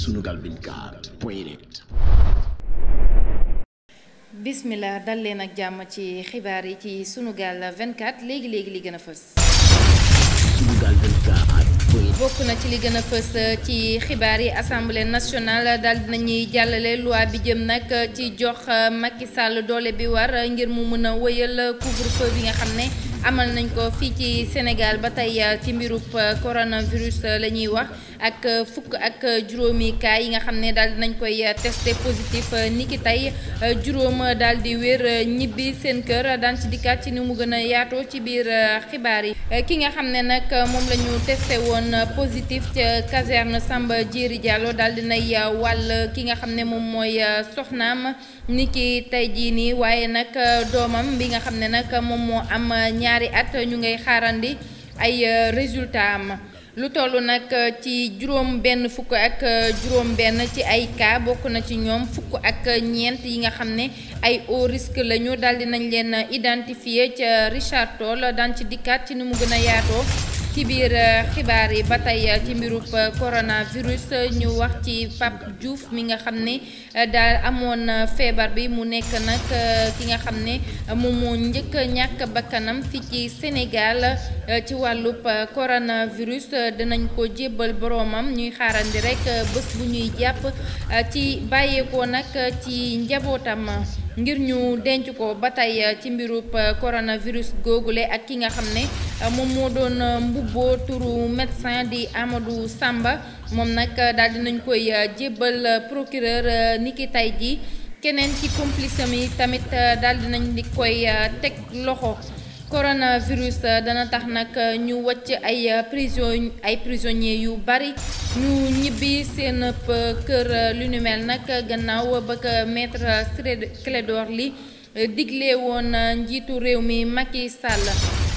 Sunugal 24 point ak jàmm ci xibaar yi ci Sunugal 24 léegi léegi li gën a fës bokk na ci li gën a fës euh, ci xibaar yi assemblée nationale daal dina ñuy jàllale loi bi jëm nag euh, ci jox euh, Macky Sall doole bi war ngir mu mën a wëyal couvre-feu bi nga xam ne. amal nañ ko fii ci Sénégal ba tey euh, ci mbirub euh, coronavirus euh, la ñuy wax ak fukk ak juróomi yi nga xam ne daal nañ koy testé positif niki tey juróom daal di wér ñibbi seen kër daan ci dikkaat ci ni mu gën a yaatoo ci biir xibaar yi. ki nga xam ne nag moom la ñu testé woon positif ca caserne Samba Diéry Diallo daal dinay wàll ki nga xam ne moom mooy soxnaam niki tey jii nii waaye nag doomam bi nga xam ne nag moom moo am ñaari at ñu ngay xaarandi ay euh, résultats am lu toll nag euh, ci juróom benn fukk ak euh, juróom benn ci ay cas bokk na ci ñoom fukk ak ñeent yi nga xam ne ay haut risque lañu daldi nañ leen identifier ca Richard Toll daan ci dikkaat ci ni mu gën a yaatoo ci biir euh, xibaar yi ba tey euh, ci mbirub euh, coronavirus ñu wax ci Pape Diouf mi nga xam ne daal amoon na feebar bi mu nekk nag ki nga xam ne moom moo njëkk ñàkk bakkanam fii ci Sénégal ci wàllub coronavirus dinañ ko jébbal boromam ñuy xaarandi rek bés bu ñuy jàpp ci bàyyeekoo nag ci njabootam. ngir ñu denc ko ba tey euh, ci mbirub euh, virus googule ak ki nga xam ne euh, moom moo doon mbubboo turu médecin di Amadou Samba moom nag daal dinañ koy jébbal procureur niki tey ji keneen ci complice mi tamit daal dinañ di koy teg loxo coronavirus euh, dana tax nag euh, ñu wàcc ay euh, prison ay prisonniers yu bari ñu ñibbi seen kër lu nu mel nag gannaaw ba ko maître Clédor Ly digle woon njiitu réew mi Macky Sall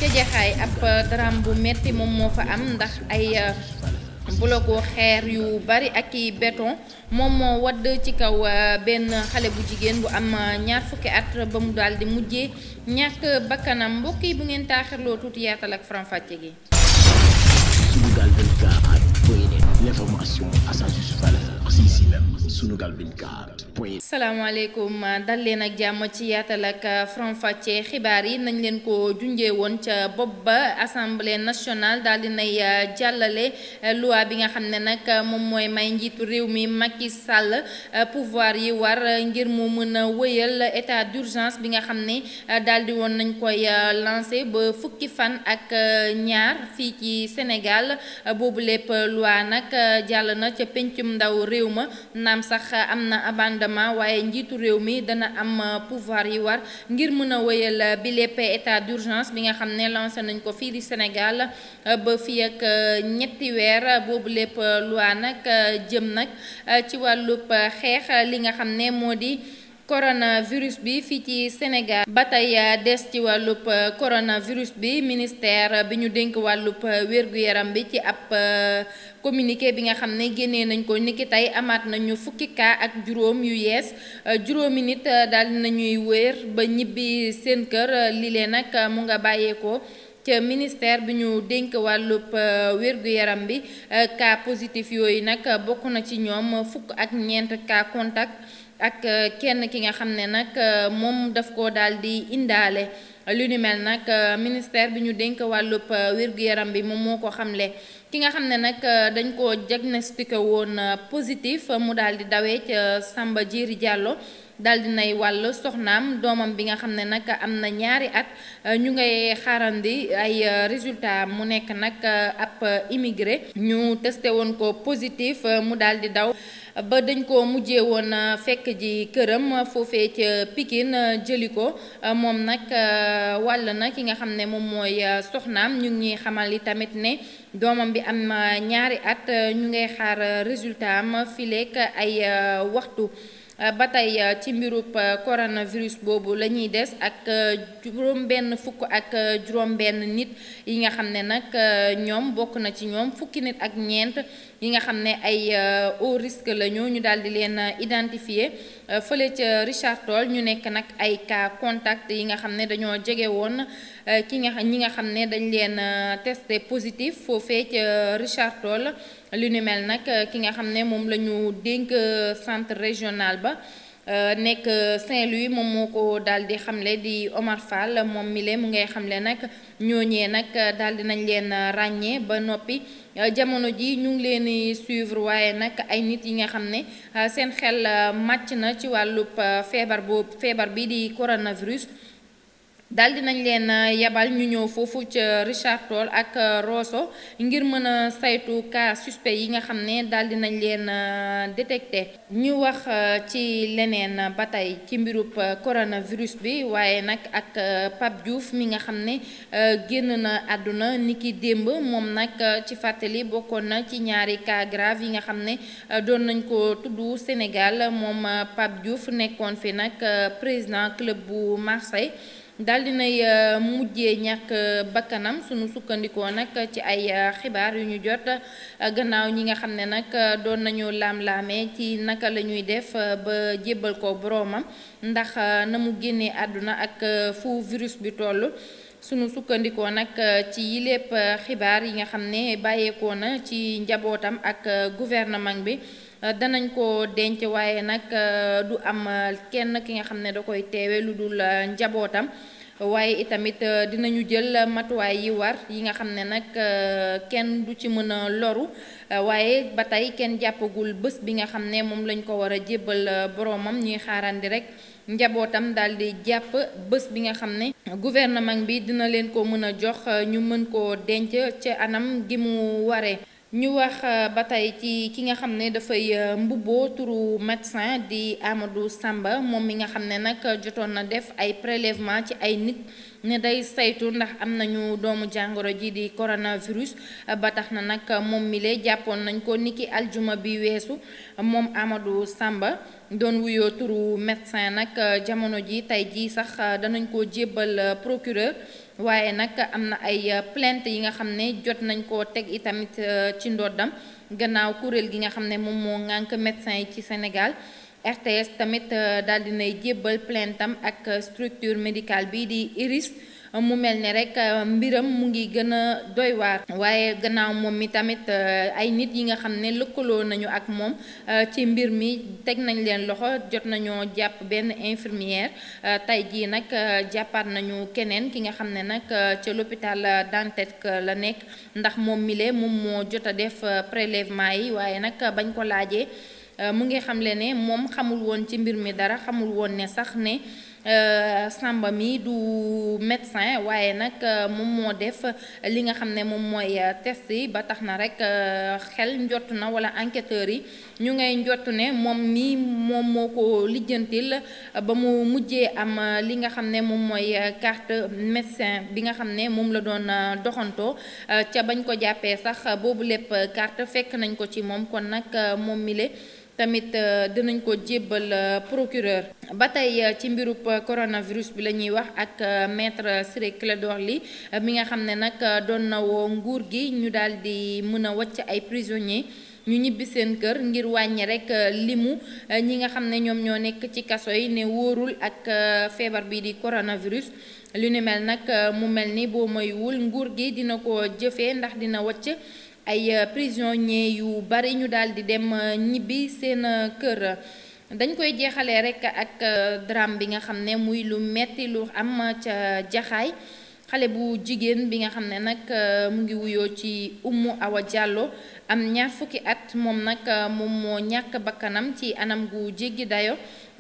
kejaxaay ab dram bu metti moom moo fa am ndax ay bloco xeer yu bari ak i béton moom moo wadd ci kaw euh, benn xale bu jigéen bu am euh, ñaar fukki at ba mu daal di mujjee ñàkk bakkanam mbokk yi bu ngeen taaxirloo tuuti yaatal ak faram-fàcce gi. Sunugal 24 point net l'information à sa juste valeur. sunugal 24 point. dal leen ak jàmm ci yaatal ak faram-fàccee xibaar yi nañ leen ko junjee woon ca bopp ba assemblée nationale daal nay euh, jàllale euh, loi bi nga xam ne nag moom mooy may njiitu réew mi Macky sàll euh, pouvoir yi war ngir mu mën a wëyal état d'urgence bi nga xam ne daldi woon nañ koy lancé ba fukki fan ak ñaar fii ci Sénégal boobu lépp loi nag jàll na ca pencum ndaw réew ma naam sax am na abandement waaye njiitu réew mi dana am euh, pouvoir yi war ngir mën a wéyal euh, bi lépp état d'urgence bi nga xam ne lancé nañ ko fii di Sénégal euh, ba fi ak ñetti weer boobu lépp loi nag jëm nag ci wàllu xeex li nga xam ne moo di coronavirus bi fii ci Sénégal ba tey euh, des ci wàllub euh, coronavirus bi ministère euh, bi ñu dénk wàllub wér-gu-yaram bi ci ab communiqué bi nga xam ne génnee nañ ko niki tey amaat nañu fukki cas ak juróom yu yees juróomi nit daal nañuy wér ba ñibbi seen kër lilee nag mu nga bàyyeekoo. ca ministère bi ñu dénk wàllub wér-gu-yaram bi cas positif yooyu nag bokk na ci ñoom fukk ak ñeent cas contact ak euh, kenn ki nga xam ne nag euh, moom daf ko daal di indaale lu ni mel nag euh, ministère bi ñu dénk wàllub wér-gu-yaram bi moom moo ko xamle ki nga xam ne nag dañ koo diagnostiqué woon positif mu daal di dawee ca Samba Jiri Diallo daal di nay wàll soxnaam doomam bi nga xam ne nag am na ñaari at ñu ngay xarandi ay euh, résultat mu nekk nag euh, ab euh, immigré ñu testé woon ko positif mu daal di daw ba dañ ko mujjee woon fekk ji këram foofee ca Pikine jëli ko moom nag wàll na ki nga xam ne moom mooy soxnaam ñu ngi ñuy xamal li tamit ne doomam bi am ñaari at ñu ngay xaar résultat am fileek ay waxtu Euh, ba tey euh, ci mbirub euh, coronavirus boobu la ñuy des ak juróom benn fukk ak juróom benn nit yi nga xam ne nag ñoom bokk na ci ñoom fukki nit ak ñeent yi nga xam ne ay haut risque lañu ñu daal di leen identifier fële ca Richard Toll ñu nekk nag ay cas contact yi nga xam ne dañoo jege woon ki nga xam ñi nga xam ne dañ leen testé positif foofee ca Richard Toll lu ni mel nag euh, ki nga xam ne moom la ñu dénk euh, centre régional ba euh, nekk Saint-Louis moom moo ko daal di xamle di Omar Fall moom mile mu ngay xamle nag ñooñee nag daal di nañ leen ràññee ba noppi. jamono ji ñu ngi leen suivre waaye nag ay nit yi nga xam ne seen xel màcc na ci wàllub feebar boobu feebar bi di coronavirus. daal dinañ leen euh, yebal ñu ñëw foofu ca Richard Toll ak euh, roso ngir mën a saytu cas suspect yi nga xam ne daal dinañ leen euh, détecté ñu wax ci leneen ba tey ci mbirub coronavirus bi waaye nag ak Pape Diouf mi nga xam ne génn na àdduna ni ki démb moom nag ci fàttali bokkoon na ci ñaari cas grave yi nga xam ne doon nañu ko tudd Sénégal moom Pape Diouf nekkoon fi nag président club bu Marseille daal dinay euh, mujjee ñàkk euh, bakkanam sunu sukkandikoo nag ci ay euh, xibaar yu ñu jot gannaaw ñi nga xam ne nag doon nañu laam-laamee ci naka la ñuy def ba jébbal ko boromam ndax na mu génne àdduna ak fu virus bi toll sunu sukkandikoo nag ci yilépp xibaar yi nga xam ne bàyyeekoo na ci njabootam ak gouvernement bi danañ ko denc waaye nag euh, du am euh, kenn ki nga xam ne da koy teewe lu dul euh, njabootam waaye itamit dinañu jël matuwaay yi war yi nga xam ne nag kenn du ci mën a loru waaye ba tey kenn jàppagul bés bi nga xam ne moom lañ ko war a jébbal boromam ñuy xaarandi rek njabootam daal di jàpp bés bi nga xam ne gouvernement bi dina leen ko mën a jox ñu mën koo denc ci anam gi mu waree ñu wax euh, ba tey ci ki nga xam ne dafay euh, mbubboo turu médecin di Amadou Samba moom mi nga xam ne nag jotoon na def ay prélèvement ci ay nit ne day saytu ndax am nañu doomu jàngoro ji di coronavirus ba tax na nag moom mile jàppoon nañ ko niki aljuma bi weesu moom Amadou sàmba doon wuyoo turu médecin nag jamono ji tey jii sax danañ ko jébbal procureur waaye nag am na ay plainte yi nga xam ne jot nañ ko teg itamit ci ndoddam gannaaw kuréel gi nga xam ne moom moo ŋànk médecin yi ci Sénégal RTS tamit euh, daal dinay jébbal plaintam ak euh, structure médical bi di IRIS mu mel ni rek euh, mbiram mu ngi gën a doy waar waaye gannaaw moom mi tamit ay nit yi nga xam ne lëkkaloo nañu ak moom ci mbir mi teg nañ leen loxo jot nañoo jàpp benn infirmière tey jii nag jàppaat nañu keneen ki nga xam ne nag ca l'hôpital Dantec la nekk ndax moom mile moom moo jot a def prélèvement yi waaye nag bañ ko laajee Euh, mu ngi xamle ne moom xamul woon ci mbir mi dara xamul woon ne sax ne euh, Samba mi du médecin waaye nag euh, moom moo def li nga xam ne moom mooy test yi ba tax na rek xel njott na wala enquêteurs yi ñu ngay njott ne moom mi moom moo ko lijjantil ba mu mujjee am li nga xam ne moom mooy carte médecin bi nga xam ne moom la doon doxantoo ca bañ ko jàppee sax boobu lépp carte fekk nañ ko ci moom kon nag moom mi le tamit euh, dinañ ko jébbal euh, procureur ba tey euh, ci mbirub coronavirus bi la ñuy wax ak maître Ciré Clédor Ly bi nga xam ne nag doon na woo nguur gi ñu daal di mën a wàcc ay prisonniers. ñu ñibbi seen kër ngir wàññi rek limu ñi nga xam ne ñoom ñoo nekk ci kaso yi ne wóorul ak feebar bi di coronavirus lu ni mel nag mu mel ni boo moywul nguur gi dina ko jëfee ndax dina wacc ay euh, prisonniers yu bari ñu daal di dem euh, ñibbi seen euh, kër dañ koy jeexale rek ak drame bi nga xam ne muy lu metti lu am ca jaxaay xale bu jigéen bi nga xam ne nag euh, mu ngi wuyoo ci Oumou Awa Diallo am ñaar fukki at moom nag euh, moom moo ñàkk bakkanam ci anam gu jéggi dayo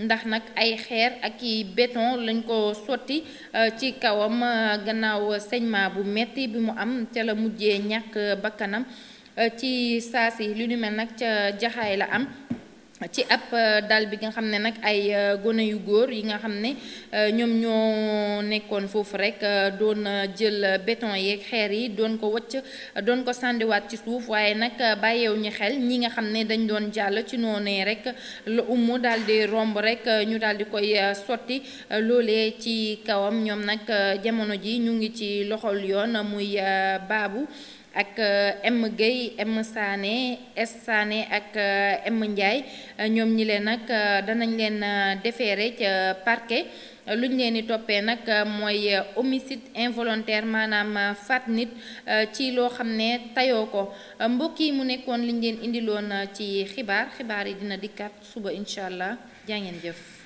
ndax nag ay xeer ak i béton lañ ko sotti euh, ci kawam gannaaw saignement bu metti bi mu am ca la mujjee ñàkk bakkanam ci saa si lu ni mel nag ca jaxaay la am ci ab euh, dal bi nga xam ne nag ay euh, gone yu góor yi nga xam ne euh, ñoom ñoo nekkoon foofu rek doon jël béton yeeg xeer yi doon ko wëcc doon ko sàndiwaat ci suuf waaye nag bàyyeew ñi xel ñi nga xam ne dañ doon jàll ci noonee rek la umu daal romb rek ñu daal di koy sotti loolee ci kawam ñoom nag jamono ji ñu ngi ci loxol yoon muy baabu ak euh, M Guèye M Sané S Sané ak euh, M Ndiaye euh, ñoom ñi leen nag danañ leen defeere ca parquet lu ñu leen di toppee nag mooy homicide involontaire maanaam faat nit ci loo xam ne tayoo ko mbokk yi mu nekkoon liñ leen indiloon ci xibaar xibaar yi dina dikkaat suba incha allah jaa jëf.